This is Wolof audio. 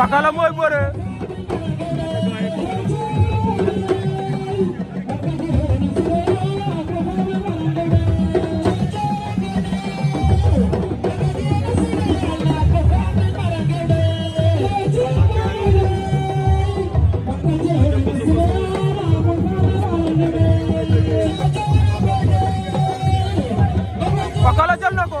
Pakala mooy bëre Pakala jël na ko